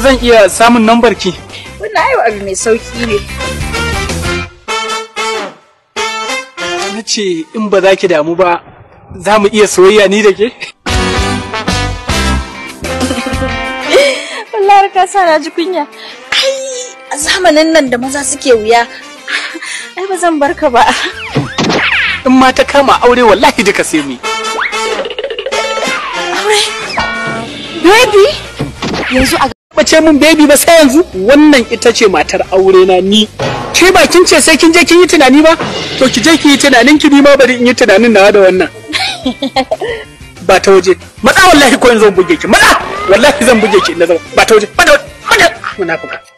Zan iya samun nambar ki. Wannan ayo abu mai sauki ne. Na ce in ba za ki damu ba za mu iya soyayya ni da ke? Wallahi ka sa na ji kunya. Ai, a zamanin nan da maza suke wuya ai ba zan barka ba in ma ta kama aure wallahi duka sai mu baby yanzu a bace mun baby ba sai yanzu wannan ita ce matar aure na ni ke ba kin ce sai kin je kin yi tunani ba to ki je ki yi tunanin ki ma bari in yi tunanin nawa da wannan ba ta waje matsa wallahi ko yanzu zan buge ki matsa wallahi zan buge ki na zama ba ta waje ba ta waje ba ta waje munafuka